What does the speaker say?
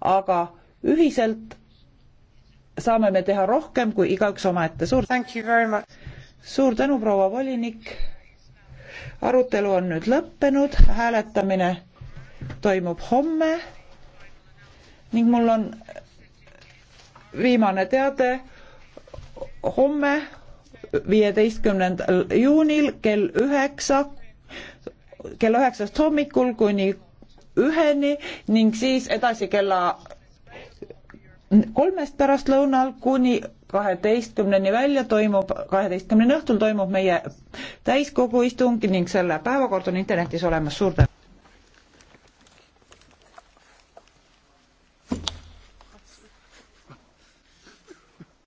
aga ühiselt saame me teha rohkem kui igaüks omaette. suur suur tänu, proua volinik. arutelu on nüüd lõppenud, hääletamine toimub homme ning mul on viimane teade. homme, viieteistkümnendal juunil kell üheksa, kell üheksast hommikul kuni üheni ning siis edasi kella kolmest pärastlõunal kuni kaheteistkümneni välja toimub, kaheteistkümneni õhtul toimub meie täiskogu istung ning selle päevakord on internetis olemas, suur tänu!